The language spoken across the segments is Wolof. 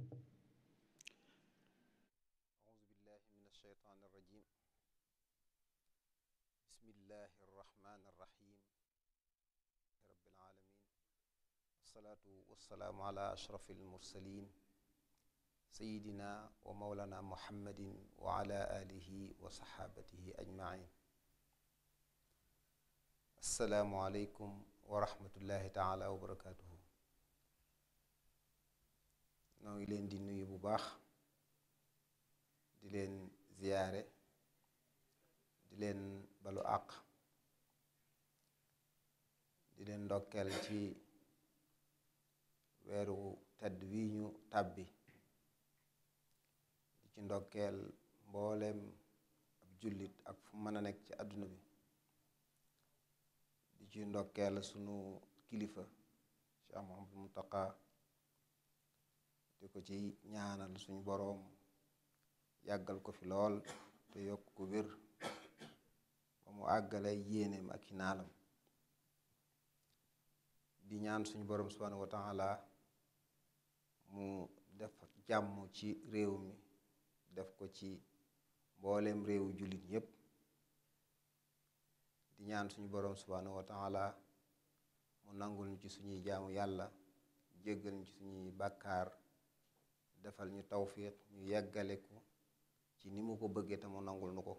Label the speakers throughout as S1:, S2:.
S1: أعوذ بالله من الشيطان الرجيم بسم الله الرحمن الرحيم رب العالمين الصلاة والسلام على أشرف المرسلين سيدنا ومولانا محمد وعلى آله وصحابته أجمعين السلام عليكم ورحمة الله تعالى وبركاته noo ngi leen di nuyu bu baax di leen ziyaare di leen balu àq di leen ndokkeel ci weeru tedd wi tàbbi di ci ndokkeel mbooleem ab jullit ak fu mën a nekk ci àdduna bi di ci ndokkeel sunu kilifa Cheikh mu Mountakha di ko ci ñaanal suñu boroom yàggal ko fi lool te yokk ko wér ba mu àggale yéeneem ak i naalam di ñaan suñu boroom subhaanahu wa taala mu def jàmm ci réew mi def ko ci mbooleem réew jullit yépp di ñaan suñu boroom subhaanahu wa mu nangul ñu ci suñuy jaamu yàlla jéggal ñu ci suñuy bàkkaar defal ñu tawfiq ñu yàggale ko ci ni mu ko bëggee te mu nangul nu ko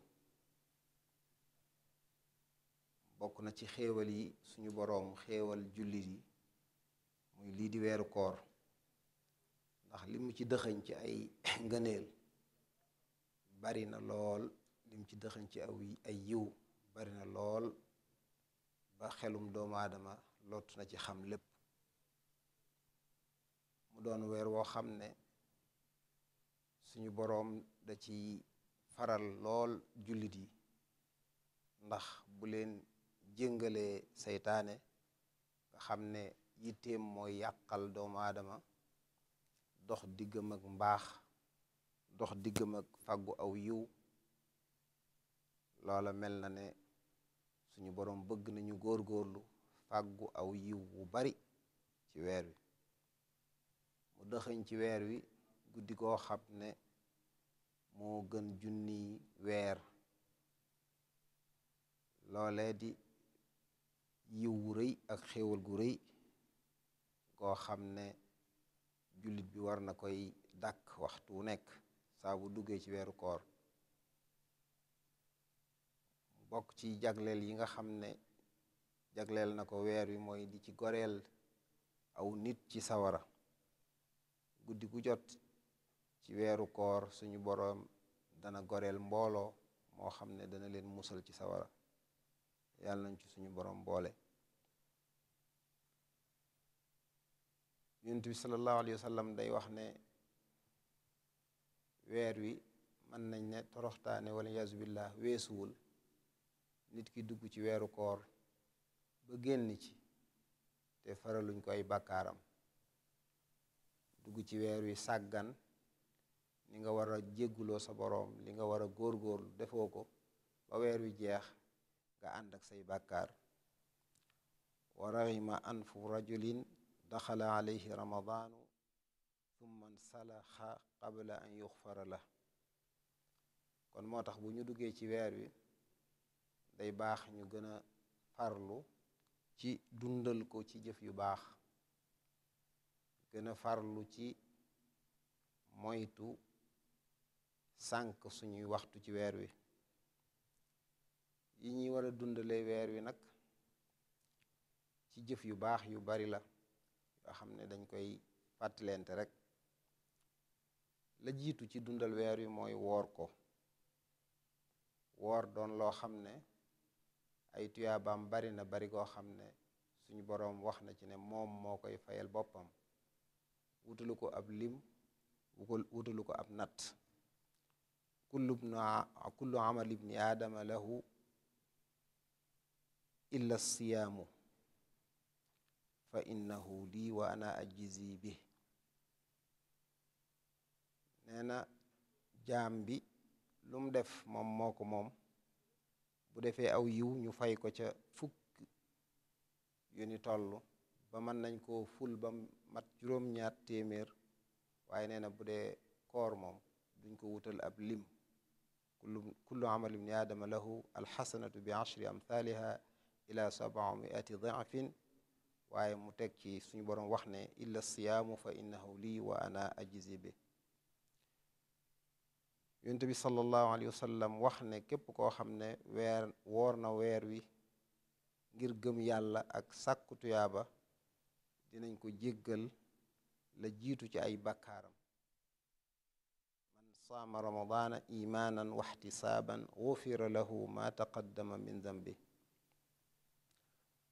S1: bokk na ci xéewal yi suñu boroom xéewal jullit yi muy lii di weeru koor ndax li mu ci dëxëñ ci ay ngëneel bari na lool li mu ci dëxëñ ci aw ay yiw bari na lool ba xelum doomu aadama lott na ci xam lépp mu doon weer woo xam ne suñu boroom da ci faral lool jullit yi ndax bu leen jëngalee seytaane nga xam ne yitteem mooy yàqal doomu aadama dox diggam ak mbaax dox diggam ak fàggu aw yiw loola mel na ne suñu boroom bëgg nañu góorgóorlu fàggu aw yiw wu bari ci weer wi mu dëxëñ ci weer wi guddi goo xam ne moo gën junni weer loole di yiw wu rëy ak xéewal gu rëy goo xam ne jullit bi war na koy dàkk waxtu wu nekk saa bu duggee ci weeru koor bokk ci jagleel yi nga xam ne jagleel na ko weer wi mooy di ci goreel aw nit ci sawara guddi gu jot ci weeru koor suñu boroom dana goreel mbooloo moo xam ne dana leen musal ci sawara yàlla nañ ci suñu boroom boole yonent bi sallallahu alayhi wa day wax ne weer wi mën nañ ne toroxtaane wala yaasu weesuwul nit ki dugg ci weeru koor ba génn ci te faraluñ ko ay bàkkaaram dugg ci weer wi sàggan li nga war a jégguloo sa boroom li nga war a góorgóorlu defoo ko ba weer wi jeex nga ànd ak say bàkkaar wa raxima anfu rajulin daxala alayhi ramadaanu sala nsalaxa qabla an yuxfara la kon moo tax bu ñu duggee ci weer wi day baax ñu gën a farlu ci dundal ko ci jëf yu baax gën a farlu ci moytu sànq suñuy waxtu ci weer wi yi ñuy war a dundale weer wi nag ci jëf yu baax yu bari la yoo xam ne dañ koy fàttalente rek la jiitu ci dundal weer wi mooy woor ko woor doon loo xam ne ay tuyaabaam bari na bari koo xam ne suñu boroom wax na ci ne moom moo koy fayal boppam wutalu ko ab lim wutalu ko ab natt kullu kullu ibni aadama lahu illa siyaamu fa innahu lii wa ana ajzi bi nee na jaam bi lu mu def moom moo bu defee aw yiw ñu fay ko ca fukk yu ni ba mën nañ ko ful ba mat juróom-ñaar téeméer waaye nena bu dee koor moom duñ ko wutal ab lim kullu kullu amali bni aadama lahu alxasanatu bi ashri amthaliha ila sabamiati dicfin waaye mu teg ci suñu boroom wax ne illa siyaamu fa innahu lii wa ana ajzi bi yonent bi sallallahu alayhi wa sallam wax ne képp koo xam ne weer na weer wi ngir gëm yàlla ak sàkku tuyaaba dinañ ko jéggal la jiitu ci ay bakkaaram saama ramadaana waxti waxtisaaban gufira lahu ma taqaddama min dambi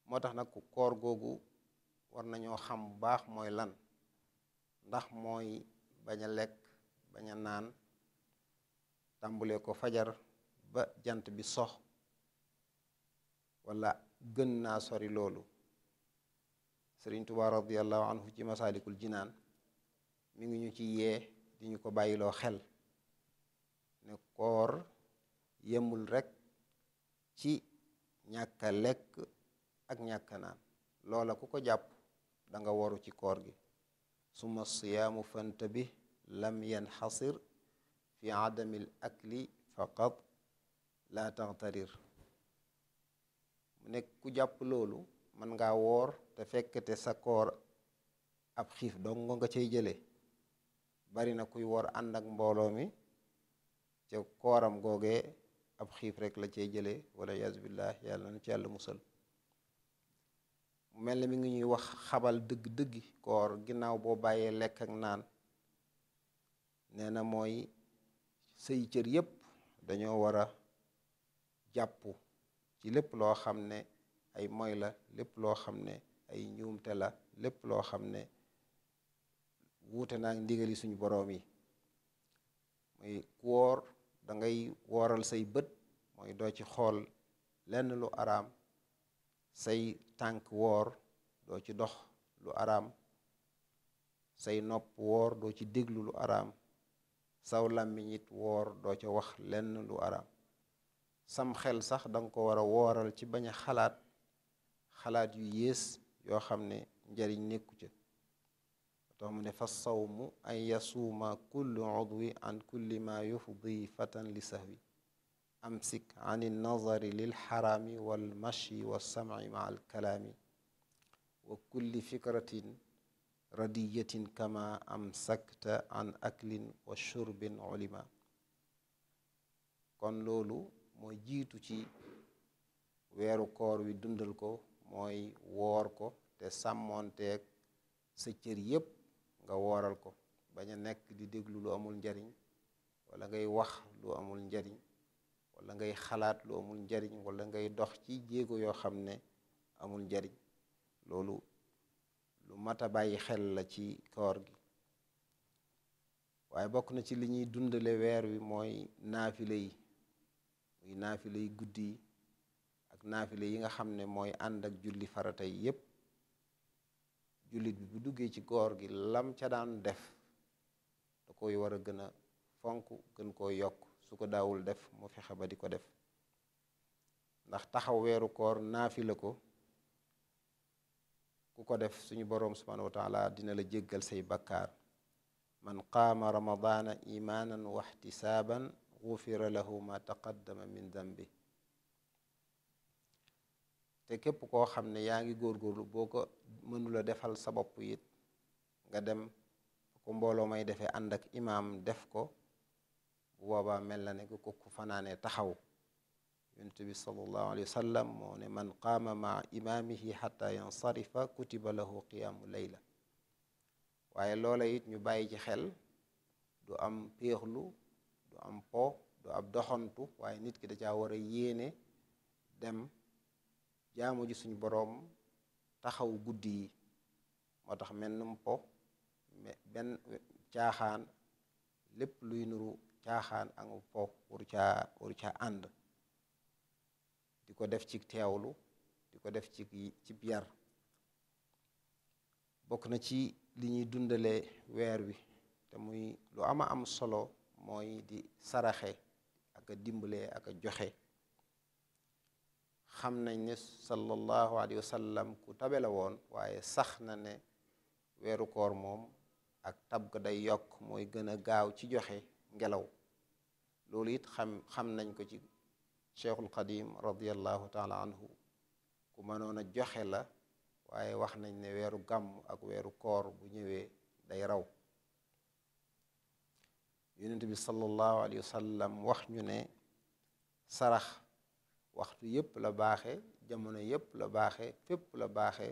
S1: moo tax nag ku koor googu war nañoo xam bu baax mooy lan ndax mooy bañ a lekk bañ a naan tàmbulee ko fajar ba jant bi sox wala gën naa sori loolu sëriñ Tuubaa radiyallahu anhu ci masaalikul jinaan mu ngi ñu ci yee di ñu ko bàyyiloo xel ne koor yemul rekk ci ñàkka lekk ak ñàkka naan loola ku ko jàpp danga waru ci koor gi suma siyaamu fanta bi lam yanxasir fi adami l akli faqat la taxtarir mu nekk ku jàpp loolu mën ngaa woor te fekkte sa koor ab xiif dong nga cay jële bari na kuy woor ànd ak mbooloo mi ca kooram googee ab xiif rek la cee jële wala yaas billah yàlla na ci yàlla musal mel na mi ngi ñuy wax xabal dëgg-dëggi koor ginnaaw boo bàyyee lekk ak naan nee na mooy say cër yépp dañoo war a jàpp ci lépp loo xam ne ay moy la lépp loo xam ne ay njuumte la lépp loo xam ne wuute naa ndigali suñu boroom yi muy koor dangay ngay wooral say bët mooy doo ci xool lenn lu araam say tànk woor doo ci dox lu araam say nopp woor doo ci déglu lu araam saw làmmiñ it woor doo ca wax lenn lu araam sam xel sax danga ko war a wooral ci bañ a xalaat xalaat yu yées yoo xam ne njariñ nekku ca tax mu ne fa sawmu an yasuuma kullu udwi an kulli ma yufdi fatan li sahwi amsik an nazari lil xaraami wal mashi wa samci ma al kalaami wa kulli fikratin radiyatin kama amsakta an aklin wa shurbin ulima kon loolu mooy jiitu ci weeru koor wi dundal ko mooy woor ko te sàmmoonteeg sa cër yépp nga wooral ko bañ a nekk di déglu lu amul njariñ walla ngay wax lu amul njariñ wala ngay xalaat amul njariñ wala ngay dox ci jéego yoo xam ne amul njariñ loolu lu mat a bàyyi xel la ci koor gi waaye bokk na ci li ñuy dundale weer wi mooy naafile yi muy naafile yi guddi yi ak naafile yi nga xam ne mooy ànd ak julli farata yi yépp jullit bi bu duggee ci góor gi lam ca daan def da koy war a gën a fonk gën koo yokk su ko daawul def mu fexe ba di ko def ndax taxaw weeru koor naafi ko ku ko def suñu boroom subhanahu wa taala dina la jéggal say bakkaar man qaama ramadaana imaanan wa ihtisaaban gufira lahu ma taqaddama min dambi te képp koo xam ne yaa ngi góorgóorlu boo ko mënula defal sa bopp it nga dem ku mbooloo may defee ànd ak def ko bu boobaa mel na ne ko ku fanaanee taxaw yonent bi sallallahu alayhi moo ne man qaama ma imaamihi xata yansarifa kutiba lahu qiyaamu layla waaye loola it ñu bàyyi ci xel du am péexlu du am po du ab doxantu waaye nit ki da caa war a dem jaamu ji suñu boroom taxaw guddi yi moo tax mennum po benn caaxaan lépp luy nuru caaxaan ak po waru caa waru ànd di ko def ci teewlu di ko def ci ci yar bokk na ci li ñuy dundale weer wi te muy lu ama am solo mooy di saraxe ak a dimbale ak joxe xam nañ ne sallallahu alayhi wa ku tabe la woon waaye sax na ne weeru koor moom ak tab ko day yokk mooy gën a gaaw ci joxe ngelaw loolu it xam xam nañ ko ci cheikhul qadim radiallahu taala anhu ku mënoon a joxe la waaye wax nañ ne weeru gàmm ak weeru koor bu ñëwee day raw yonent bi sallallahu alayhi wa sallam wax ñu ne sarax waxtu yëpp la baaxe jamono yëpp la baaxe fépp la baaxe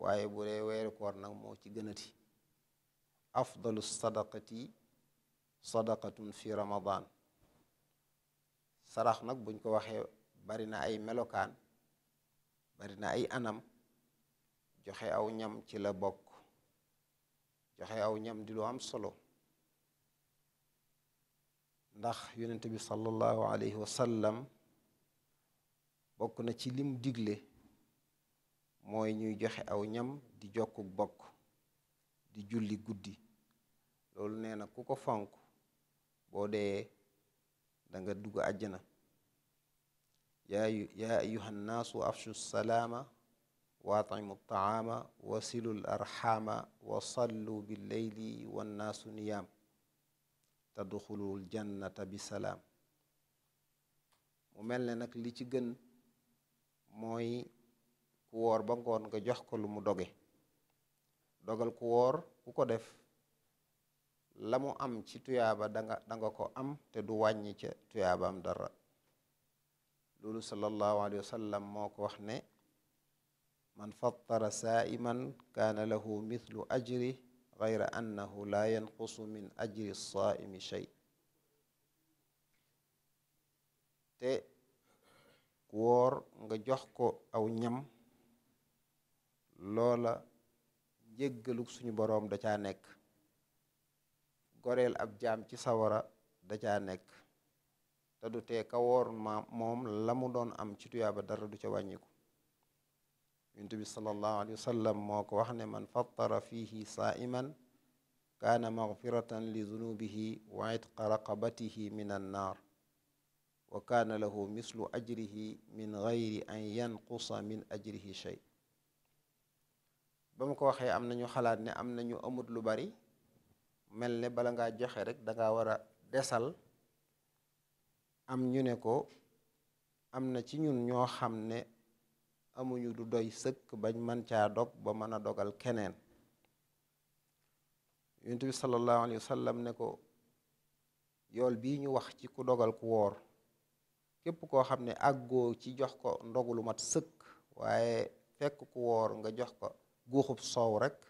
S1: waaye bu dee weeru nag moo ci gënati afdalu sadaqati sadaqatun fi ramadan sarax nag buñ ko waxee bari na ay melokaan bari na ay anam joxe aw ñam ci la bokk joxe aw ñam di lu am solo ndax yonent bi sallallahu alayhi wa bokk na ci lim digle mooy ñuy joxe aw ñam di jokku bokk di julli guddi loolu nee na ku ko fonk boo dee danga dugg àjjana yaa yaa ayuhan naasu afshu salaama wa atcimu taama wasilu l arxaama wa sallu billeyli wannaasu niyaam tadxulul jannata bi salaam mu mel ne nag li ci gën mooy kuwoor ba ngoon nga jox ko lu mu doge dogal ku woor ku ko def la mu am ci tuyaaba danga danga ko am te du wàññi ca am dara loolu sallallahu alayhi wa moo ko wax ne man fattara saa'iman kaana lahu mithlu ajri gayra annahu laa yanqusu min ajri saaimi shay te ku woor nga jox ko aw ñam loola jéggaluk suñu boroom da caa nekk goreel ab jaam ci sawara da caa nekk te du tee ka woor moom la mu doon am ci tuyaaba dara du ca wàññiku yonent bi sallallahu alayhi moo ko wax ne man fattara fihi saa'iman kaana magfiratan li zunubihi wa itqa raqabatihi min an naar wa kaana lahu mislu ajrihi min gayri an yanqusa min ajrihi shay ba mu ko waxee am nañu xalaat ne am nañu amut lu bari mel ne bala ngaa joxe rek danga war a desal am ñu ne ko am na ci ñun ñoo xam ne amuñu du doy sëkk bañ mën caa dog ba mën a dogal keneen yonent bi sallallahu alayhi wa ne ko yool bii ñu wax ci ku dogal ku woor képp koo xam ne àggoo ci jox ko ndogu lu mat sëkk waaye fekk ku woor nga jox ko guuxub soow rekk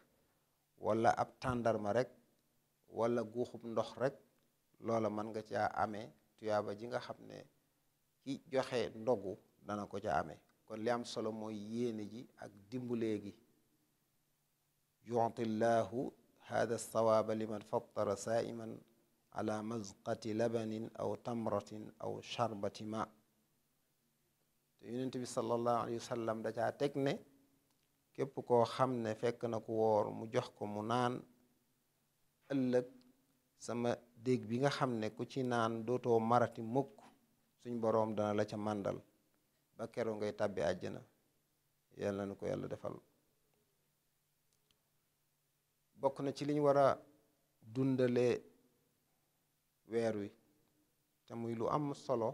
S1: wala ab tàndarma rekk wala guuxub ndox rekk loola mën nga caa amee tuyaaba ji nga xam ne ki joxe ndogu dana ko ca amee kon li am solo mooy yéene ji ak dimbulee gi yuti llahu hada sawaaba liman saiman ala mazqati labanin aw tamratin aw sharbati ma te yonent bi sallallahu alayhi wa sallam da caa teg ne képp koo xam ne fekk na ku woor mu jox ko mu naan ëllëg sama déeg bi nga xam ne ku ci naan dootoo marati mukk suñ boroom dana la ca màndal ba keroo ngay tàbbi àjjana yàlla na ko yàlla defal bokk na ci liñ war dundale weer wi te muy lu am solo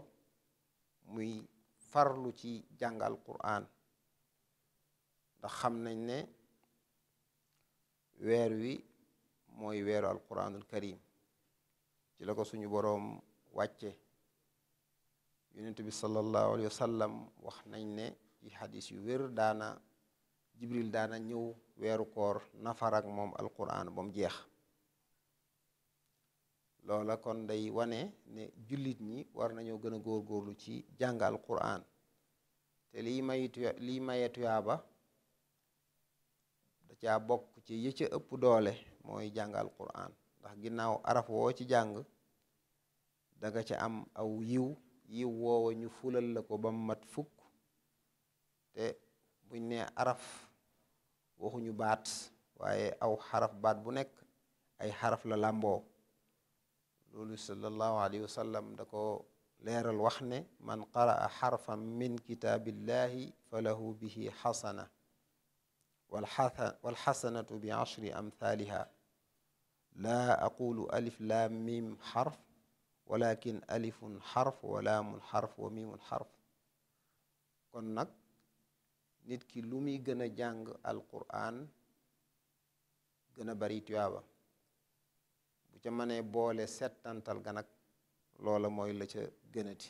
S1: muy far lu ci jàngal Qur'an ndax xam nañ ne weer wi mooy weeru alquranul karim ci la ko suñu boroom wàcce yonent bi sallallahu alayhi wa wax nañ ne ci xadis yu wér daana jibril daana ñëw weeru koor nafarak moom alquran ba mu jeex loola kon dey wane ne jullit ñi war nañoo gën a góorlu ci jàng alquran te lii may tuya lii maye da ca bokk ci yi ca ëpp doole mooy jàng alquran ndax ginnaaw araf woo ci jàng da nga ca am aw yiw yiw woowa ñu fulal la ko ba mat fukk te buñ ne araf waxuñu baat waaye aw xaraf baat bu nekk ay xaraf la làmboo loolu sallallahu alayhi wa sallam da ko leeral wax ne man qaraa xarfan min kitaabillahi fa lahu bihi xasana walxasanatu bi ashri amthaliha laa aqulu alif laam miim xarf walakin alifun xarf wa laamun xarf wa miimun xarf kon nag nit ki lu muy gën a jàng alquran gën a bari tuyaaba bu ca mënee boole settantal ga loola mooy la ca gënati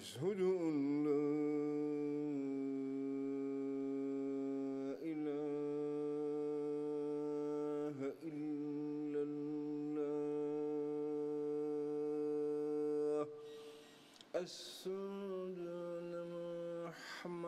S2: أشهد أن لا إله إلا الله الصلاة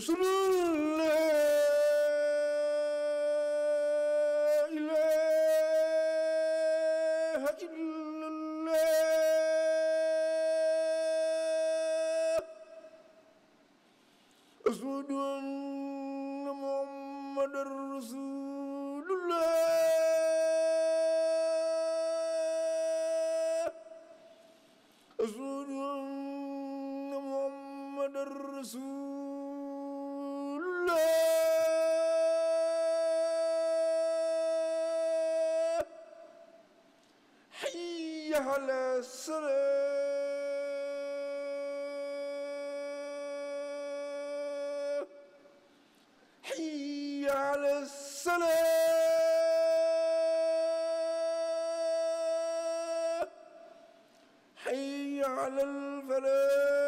S2: أشهد أن محمد رسول الله على الصلاة حي على الصلاة حي على الفلاح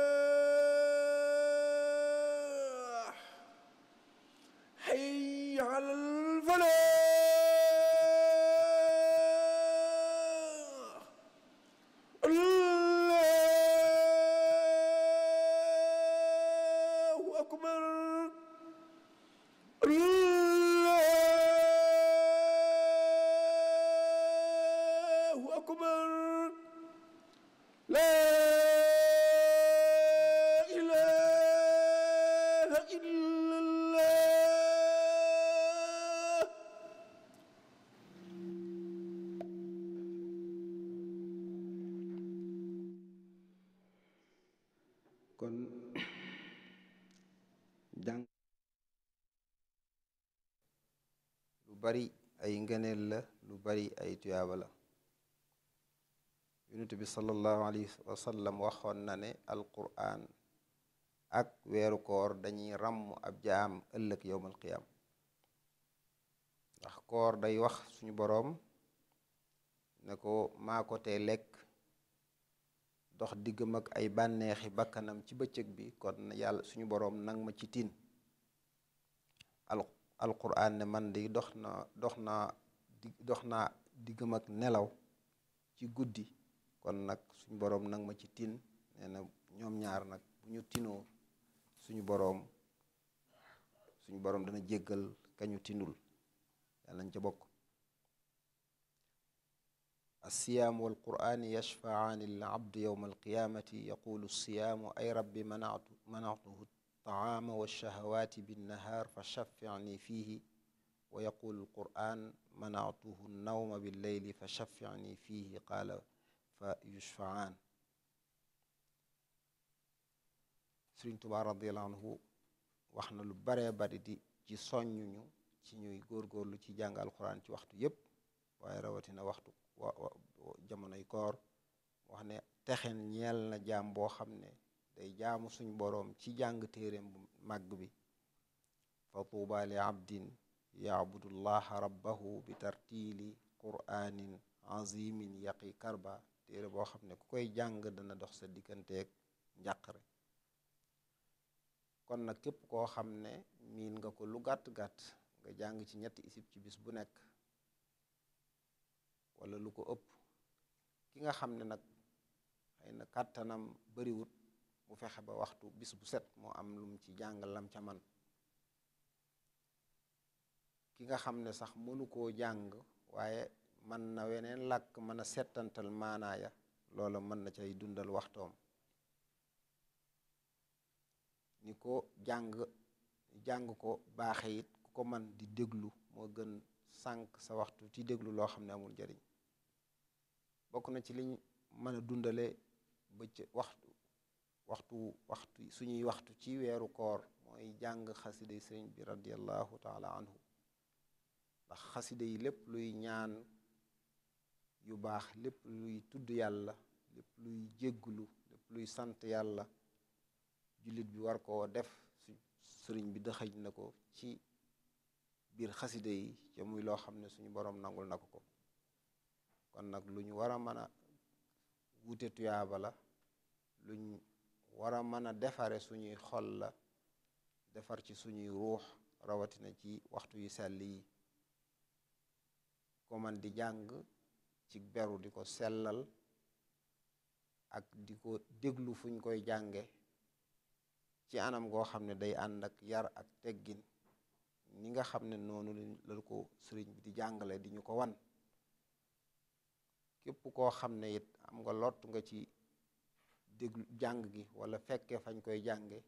S1: bi sallallahu alayhi wa waxoon na ne alquran ak weeru koor dañuy ràmm ab jaam ëllëg yowmal qiyaam ndax koor day wax suñu boroom ne ko maa ko lekk dox diggam ak ay bànneexi bakkanam ci bëccëg bi kon yàlla suñu boroom nag ma ci tiin al alquran ne man di dox na dox naa diggam ak nelaw ci guddi kon nag suñu boroom nag ma ci tin nee na ñoom ñaar nag bu ñu tinoo suñu boroom suñu boroom dana jéggal kañu tinul yàlla nañ ca bokk الصيام والقرآن يشفعان للعبد يوم القيامة يقول الصيام أي رب منعت منعته الطعام والشهوات بالنهار فشفعني فيه ويقول القرآن منعته النوم بالليل فشفعني فيه قال fa yushfaan Sëriñ Tuubaa radiyallaahu wax na lu baree bari di ci soññuñu ci ñuy góorgóorlu ci jàng alxuraan ci waxtu yépp waaye rawatina waxtu jamonoy koor wax ne texe ñeel na jaam boo xam ne day jaamu suñ boroom ci jàng téeréem bu màgg bi fa tuubaa li abdin yaabudullaha rabbahu bi tartiili quraanin azimin yaqi karba téere boo xam ne ku koy jàng dana dox sa digganteeg njàqare kon nag képp koo xam ne miin nga ko lu gàtt-gàtt nga jàng ci ñett isib ci bis bu nekk wala lu ko ëpp ki nga xam ne nag xëy na kàttanam bariwut mu fexe ba waxtu bis bu set moo am lum ci jàng lam ca man ki nga xam ne sax mënu koo jàng waaye mën na weneen làkk mën a settantal maanaaya loola mën na cay dundal waxtoom ni ko jàng jàng ko baaxe it ku ko man di déglu moo gën sànq sa waxtu ci déglu loo xam ne amul njariñ bokk na ci liñ mën a dundale bëccëg waxtu waxtu waxtu suñuy waxtu ci weeru koor mooy jàng xasida yi sëriñ bi radiallahu taala anhu ndax xasida yi lépp luy ñaan yu baax lépp luy tudd yàlla lépp luy jéggulu lépp luy sant yàlla jullit bi war koo def sëriñ bi dëxëj na ko ci biir xaside yi ca muy loo xam ne suñu boroom nangul na ko ko kon nag lu ñu war a mën a wute tuyaaba la luñ war a mën a defare suñuy xol la defar ci suñuy ruux rawatina ci waxtu yu sell yi ko man di jàng ci beru di ko sellal ak di ko déglu fuñ koy jànge ci anam goo xam ne day ànd ak yar ak teggin ni nga xam ne noonu lal ko sëriñ bi di jàngale di ko wan képp koo xam ne it am nga lott nga ci déglu jàng gi wala fekke fañ koy jànge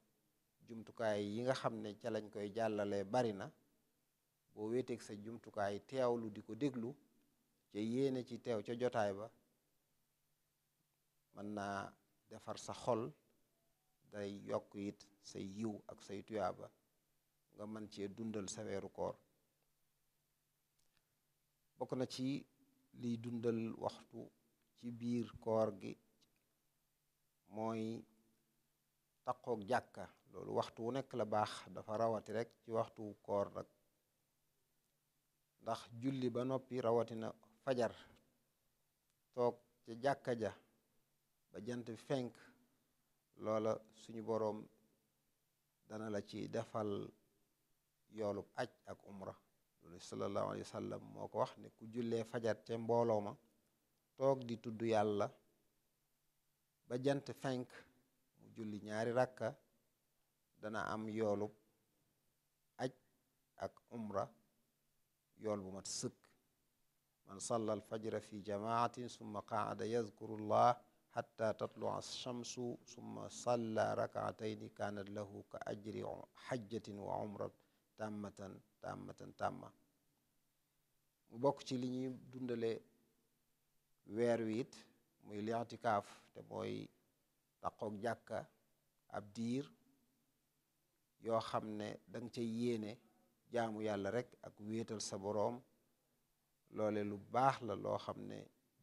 S1: jumtukaay yi nga xam ne ca lañ koy jàllale bari na boo wéeteeg sa jumtukaay teewlu di ko déglu ca yéene ci teew ca jotaay ba mën naa defar sa xol day yokk yit sa yiw ak say tuyaaba nga mën cee dundal sa weeru koor bokk na ci liy dundal waxtu ci biir koor gi mooy takkook jàkka loolu waxtu wu nekk la baax dafa rawati rekk ci waxtu koor nag ndax julli ba noppi rawatina fajar toog ca jàkka ja ba jant fenk loola suñu boroom dana la ci defal yoolub aj ak umra loolu sallallahu alayhi wa sallam moo ko wax ne ku jullee fajar ca mbooloo ma toog di tudd yàlla ba jant fenk mu julli ñaari rakka dana am yoolub aj ak umra yool bu mat sëkk man salla alfajra fi jamaatin summa qaada yadkuru llah xatta tatlua alchamsu summa salla rakaatayni kaanat lahu ka ajri xajjatin wa umrat tàmmatan tàmmatan tàmma mu bokk ci li ñuy dundale weer wi it muy li'tikaaf te mooy taqoog jàkka ab diir yoo xam ne danga ca yéene jaamu yàlla rek ak wéetal sa boroom loole lu baax la loo xam ne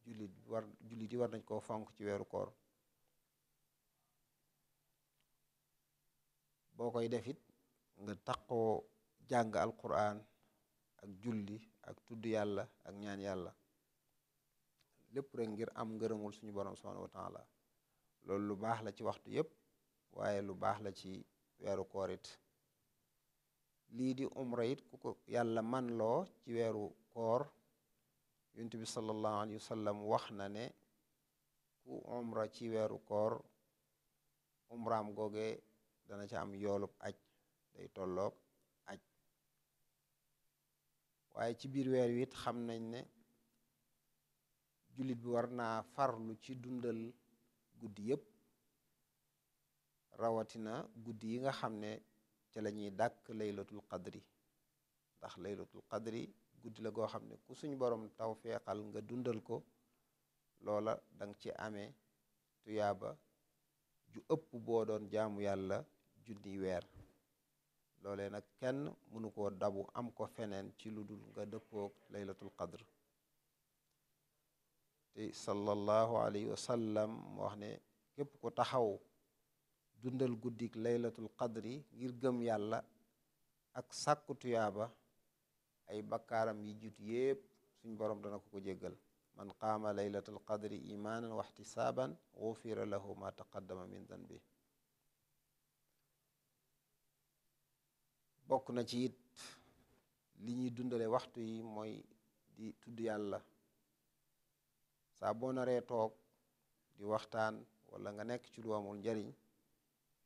S1: jullit war yi war nañ koo fonk ci weeru koor boo koy defit nga taqoo jàng alquran ak julli ak tudd yàlla ak ñaan yàlla lépp rek ngir am ngërëmul suñu borom subhanahu wa taala loolu lu baax la ci waxtu yépp waaye lu baax la ci weeru koor lii di umra it ku ko yàlla man loo ci weeru koor yonent bi sallallahu alayhi wa sallam wax na ne ku umra ci weeru koor umraam googe dana ca am yoolub aj day tolloog aj waaye ci biir weer wi it xam nañ ne jullit bi war naa farlu ci dundal guddi yépp rawatina guddi yi nga xam ne ca lañuy dàkk laylatul qadri ndax laylatul qadri guddi la goo xam ne ku suñu borom taw feexal nga dundal ko loola danga ci ame tuyaaba ju ëpp boo doon jaamu yàlla junni weer loole nag kenn mënu ko dabu am ko feneen ci lu dul nga dëppoog laylatul qadr te sallallahu alayhi wa mu wax ne képp ko taxaw dundal guddik laylatul qadri ngir gëm yàlla ak sàkku tuyaaba ay bakkaaram yi jiitu yépp suñ borom dana ko ko jéggal man qaama laylatal qadri imaanan saaban ihtisaaban gufira la ma taqaddama min bi bokk na ci it li ñuy dundale waxtu yi mooy di tudd yàlla saa boo naree toog di waxtaan wala nga nekk ci lu njariñ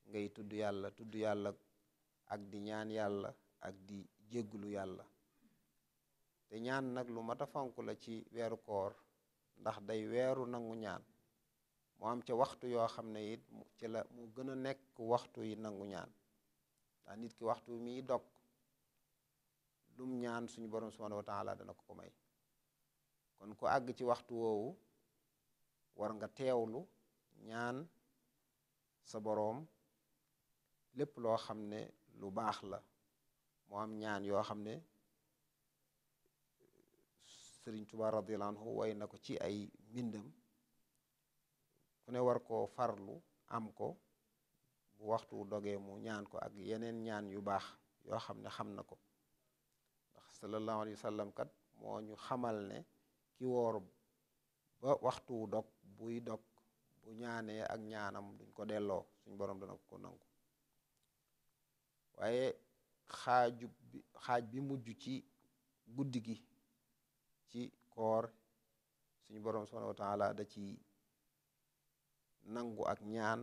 S1: ngay tudd yàlla tudd yàlla ak di ñaan yàlla ak di jéggulu yàlla te ñaan nag lu mat a fonk la ci weeru koor ndax day weeru nangu ñaan mu am ca waxtu yoo xam ne it ci gën a nekk waxtu yi nangu ñaan ndax nit ki waxtu mii dog lum ñaan suñu borom subhanahu wa taala dana ko ko may kon ku àgg ci waxtu woowu war nga lu ñaan sa boroom lépp loo xam ne lu baax la mu am ñaan yoo xam ne sëriñ Tuubaa radiyallaahu anhu way na ko ci ay mbindam ku ne war koo farlu am ko bu waxtu dogee mu ñaan ko ak yeneen ñaan yu baax yoo xam ne xam na ko ndax sallallahu alayhi wa kat moo ñu xamal ne ki woor ba waxtu dog buy dog bu ñaanee ak ñaanam duñ ko delloo suñ borom dana ko nangu waaye xaaju bi xaaj bi mujj ci guddi gi ci koor suñu boroom subhanahu wa taala da ci nangu ak ñaan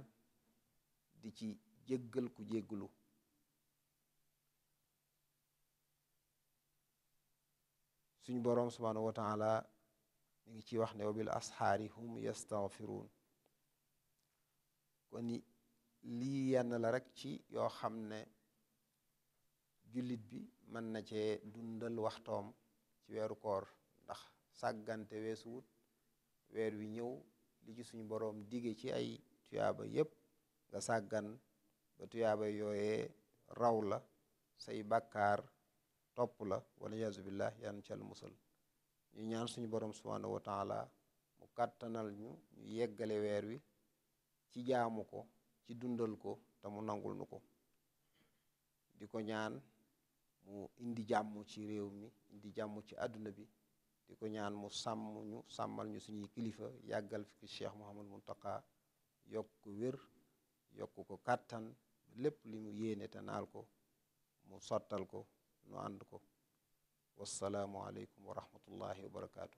S1: di ci jëggal ku jéggulu suñu boroom subhanahu wa taala mi ngi ci wax ne wa bil asxaari hum yastaghfiruun kon lii yenn la rekk ci yoo xam ne jullit bi mën na cee dundal waxtoom ci weeru koor ndax sàggante weesuwut weer wi ñëw li ci suñu boroom dige ci ay tuyaaba yépp nga sàggan ba tuyaaba yooyee raw la say bàkkaar topp la walla yaasu billah yaan cal musal ñu ñaan suñu boroom subhanahu wa taala mu kàttanal ñu ñu yeggale weer wi ci jaamu ko ci dundal ko te mu nangul nu ko di ko ñaan mu indi jàmm ci réew mi indi jàmm ci àdduna bi di ko ñaan mu sàmm ñu sàmmal ñu suñuy kilifa yàggal fi Cheikh Mouhamadou Mountakha yokk ko wér yokk ko kàttan lépp li mu yéene te naal ko mu sottal ko nu ànd ko wasalaamualeykum wa rahmatullahi wa barakaatu.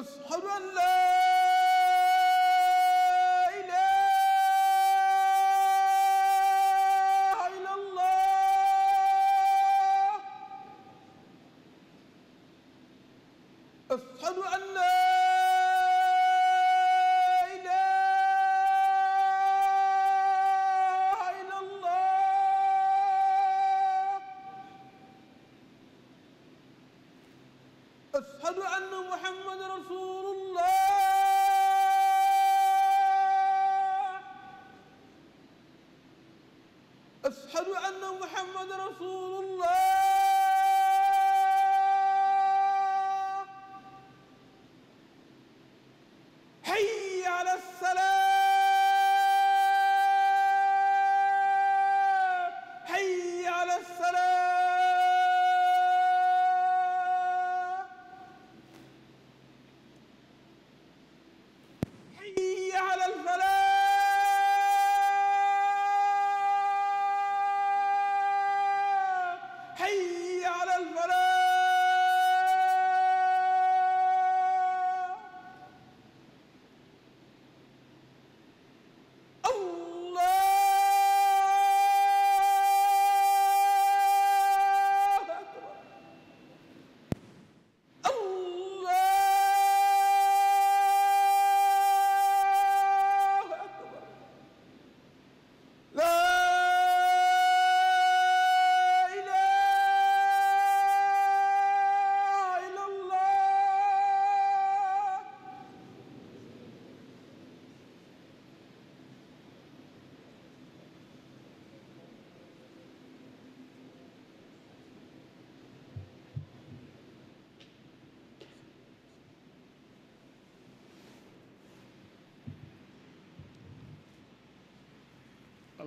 S2: ashhadu an laa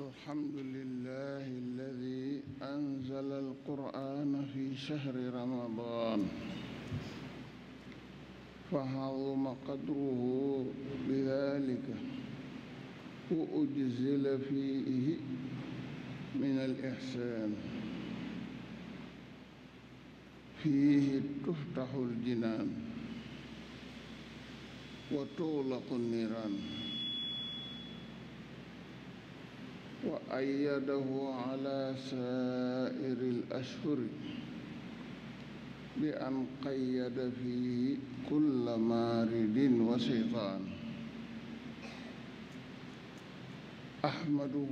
S3: الحمد لله الذي أنزل القرآن في شهر رمضان فعظم قدره بذلك وأجزل فيه من الإحسان فيه تفتح الجنان وتغلق النيران وأيده على سائر الأشهر بأن قيد فيه كل مارد وشيطان أحمده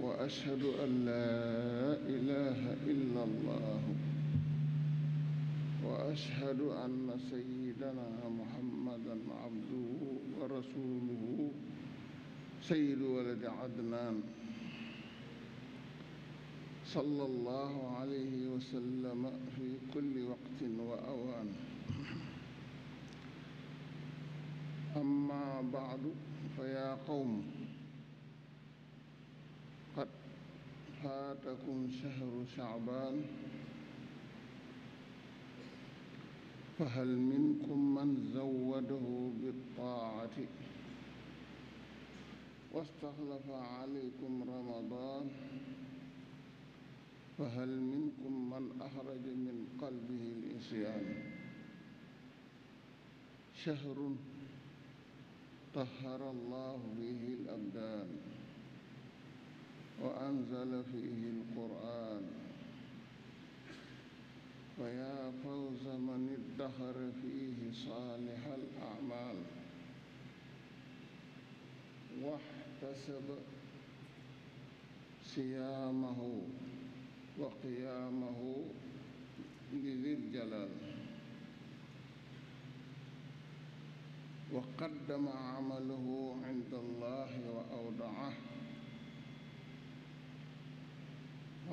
S3: وأشهد أن لا إله إلا الله وأشهد أن سيدنا محمدا عبده ورسوله سيد ولد عدنان صلى الله عليه وسلم في كل وقت وأوان أما بعد فيا قوم قد فاتكم شهر شعبان فهل منكم من زوده بالطاعة واستخلف عليكم رمضان فهل منكم من أخرج من قلبه العصيان شهر طهر الله به الأبدان وأنزل فيه القرآن ويا فوز من ادخر فيه صالح الأعمال واحتسب صيامه wa qiyaamahu li zil jalaal wa qaddama amalahu inda allahi wa awdaah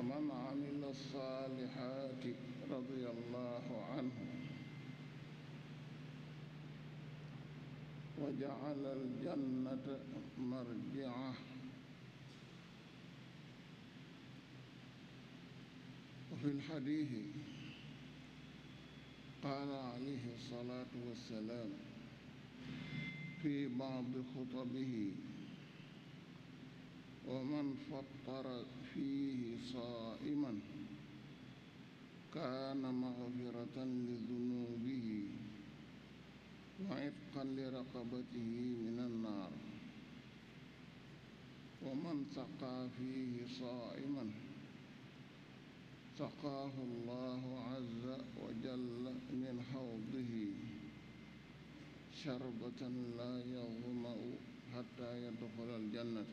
S3: wa man amila saalihaati radia allahu anhu wa jacala aljannata marjiah ومن حديه قال عليه الصلاة والسلام في بعض خطبه ومن فطر فيه صائما كان مغفرة لذنوبه وعتقا لرقبته من النار ومن سقى فيه صائما سقاه الله عز وجل من حوضه شربة لا يظمأ حتى يدخل الجنة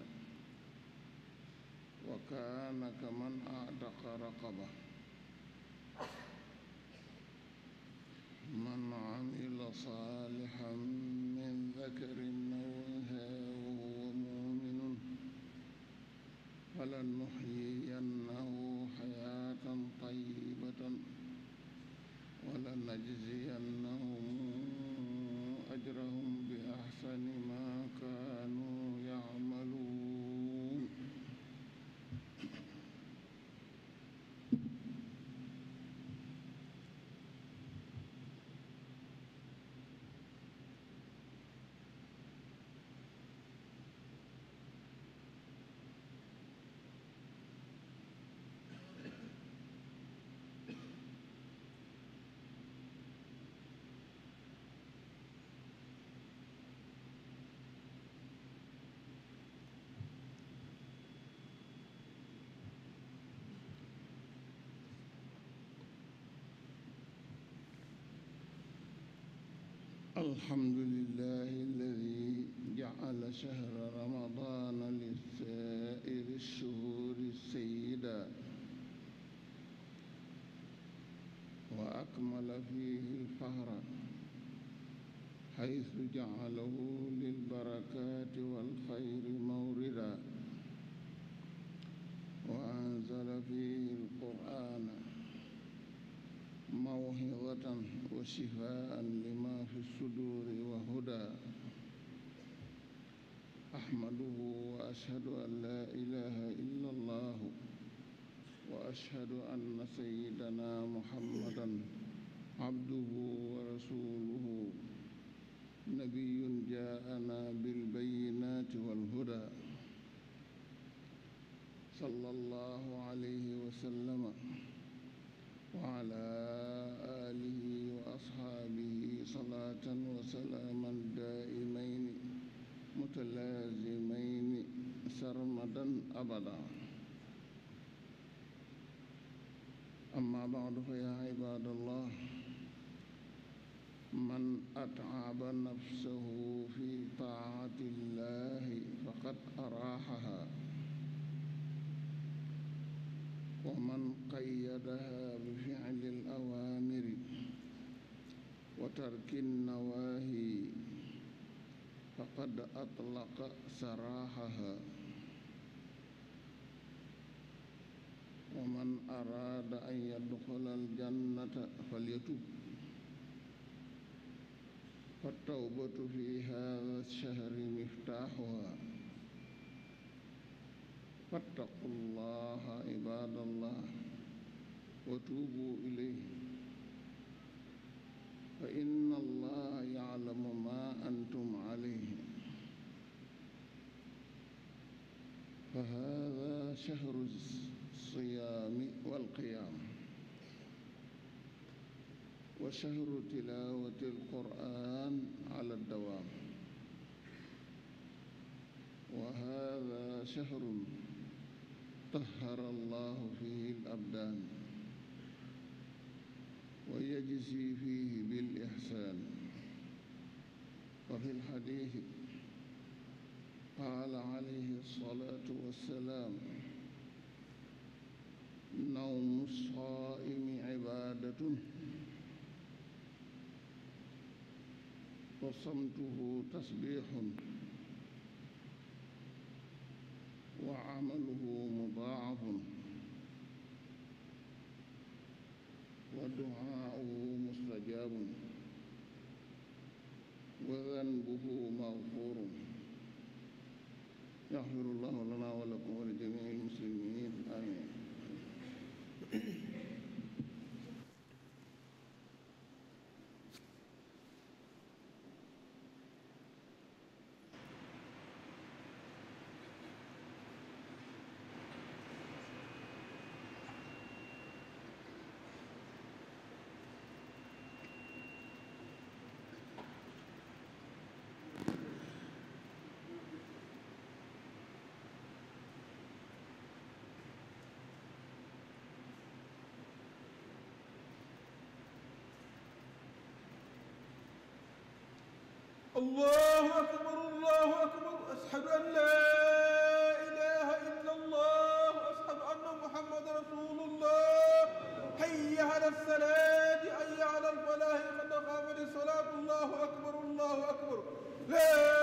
S3: وكان كمن أعتق رقبة من عمل صالحا من ذكر أو أنثى وهو مؤمن فلنحيي طيبة ولنجزينهم الحمد لله الذي جعل شهر رمضان لسائر الشهور سيدا وأكمل فيه الفهر حيث جعله للبركات والخير موردا وأنزل فيه القرآن موهظة وشفاء لما في الصدور وهدى أحمده وأشهد أن لا إله إلا الله وأشهد أن سيدنا محمدا عبده ورسوله نبي جاءنا بالبينات والهدى صلى الله عليه وسلم وعلى آله وأصحابه صلاة وسلاما دائمين متلازمين سرمدا أبدا أما بعد فيا عباد الله من أتعب نفسه في طاعة الله فقد أراحها ومن قيدها بفعل الأوامر wa tarkin nawaahi faqad atlaqa saraaxaha wa man araada an yadxula aljannata falyatub fa tawbatu fi haada shahri miftaaxuha fattaqullaha ibaadallah wa tuubu ilayhi fa inna allaha yaalamu ma antum alayhi fa hada chahru siyaami walqiyaam wa chahru tilawati alquran ala dawaam wa hada chahrun tahara allahu fihi al abdaan ويجزي فيه بالإحسان وفي الحديث قال عليه الصلاة والسلام نوم الصائم عبادة وصمته تسبيح وعمله مضاعف فدعاؤه مستجاب وذنبه مغفور يغفر الله لنا ولكم ولجميع المسلمين آمين
S2: allahu akbar allahu akbar ashhadu an laa ilaha illa allah ashhadu anna muhammadan rasulullah hayya ala salaati hayya ala al falaah qad qaamat salaatu allahu akbar allahu akbar laa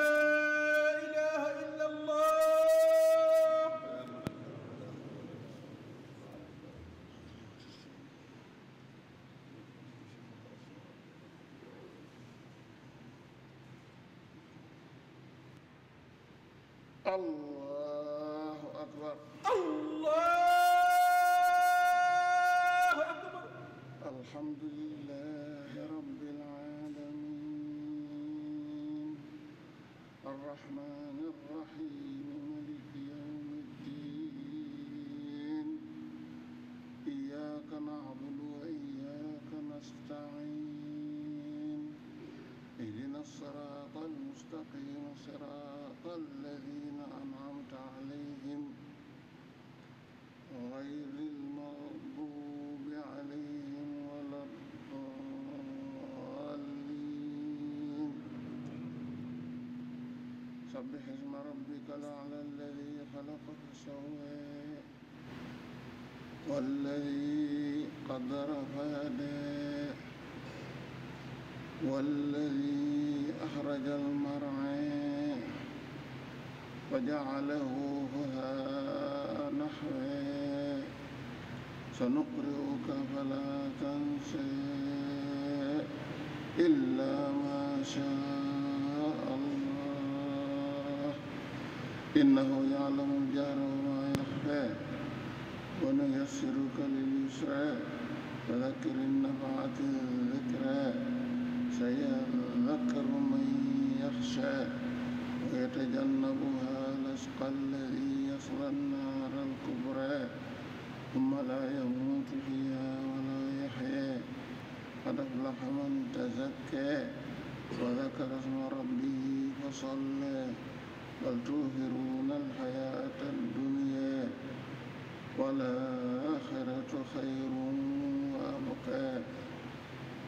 S3: allahu akbar allahu akbar alhamdulillahi rabbil alamin arrahman سبح اسم ربك الأعلى الذي خلق فسوى والذي قدر فهدى والذي أخرج المرعى وجعله هها نحوى سنقرئك فلا تنسى إلا ما شاء إنه يعلم الجهر وما يخفى ونيسرك لليسرى فذكر النفعة الذكرى سيذكر من يخشى ويتجنبها الأشقى الذي يصلى النار الكبرى ثم لا يموت فيها ولا يحيا قد أفلح من تزكى وذكر اسم ربه فصلى بل تؤثرون الحياة الدنيا والآخرة خير وأبقى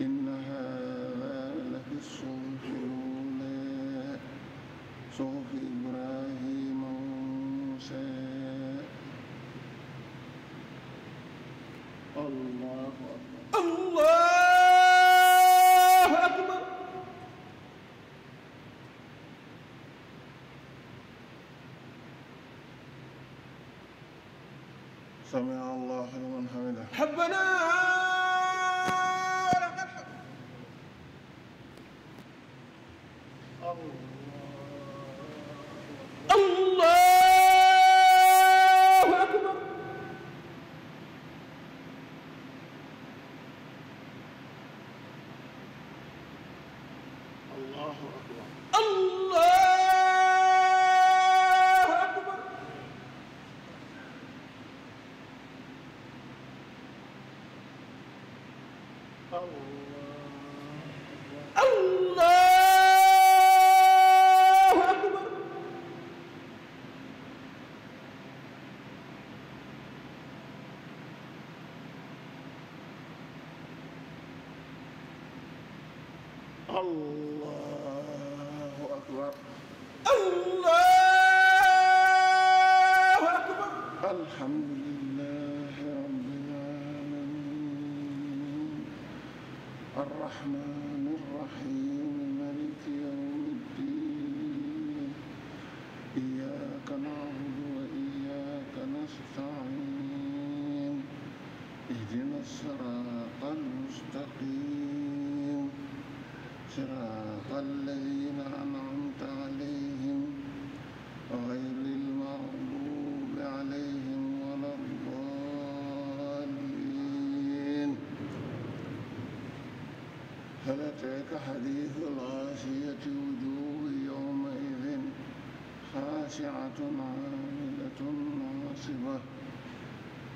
S3: إن هذا لفي الصحف الأولى صحف إبراهيم سمع الله لمن حمده ربنا الرحمن الرحيم ملك يوم الدين إياك نعبد وإياك نستعين اهدنا الصراط المستقيم صراط الذين أتاك حديث الغاشية وجوه يومئذ خاشعة عاملة ناصبة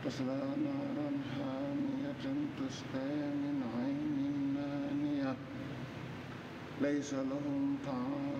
S3: تصلى نارا حامية تسقى من عين آنية ليس لهم طعام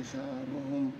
S3: حسابهم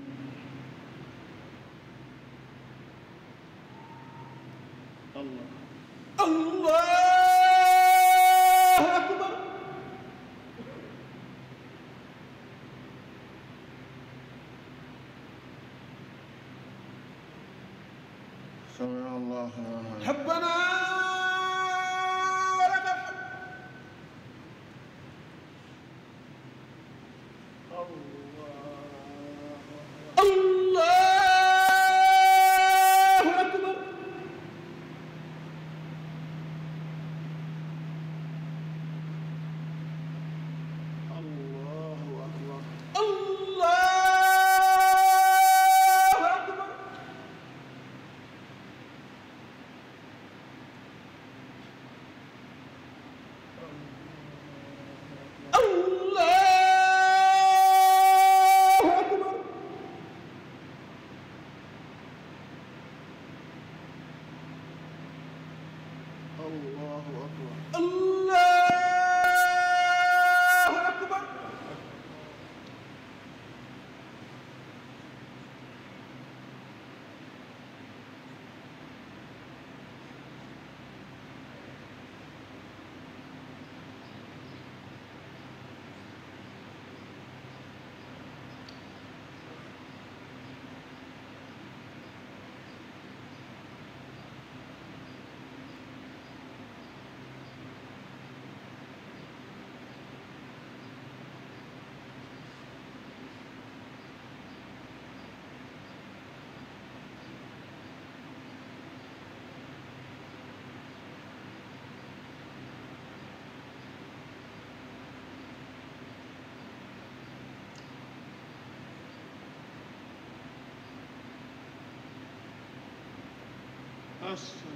S3: us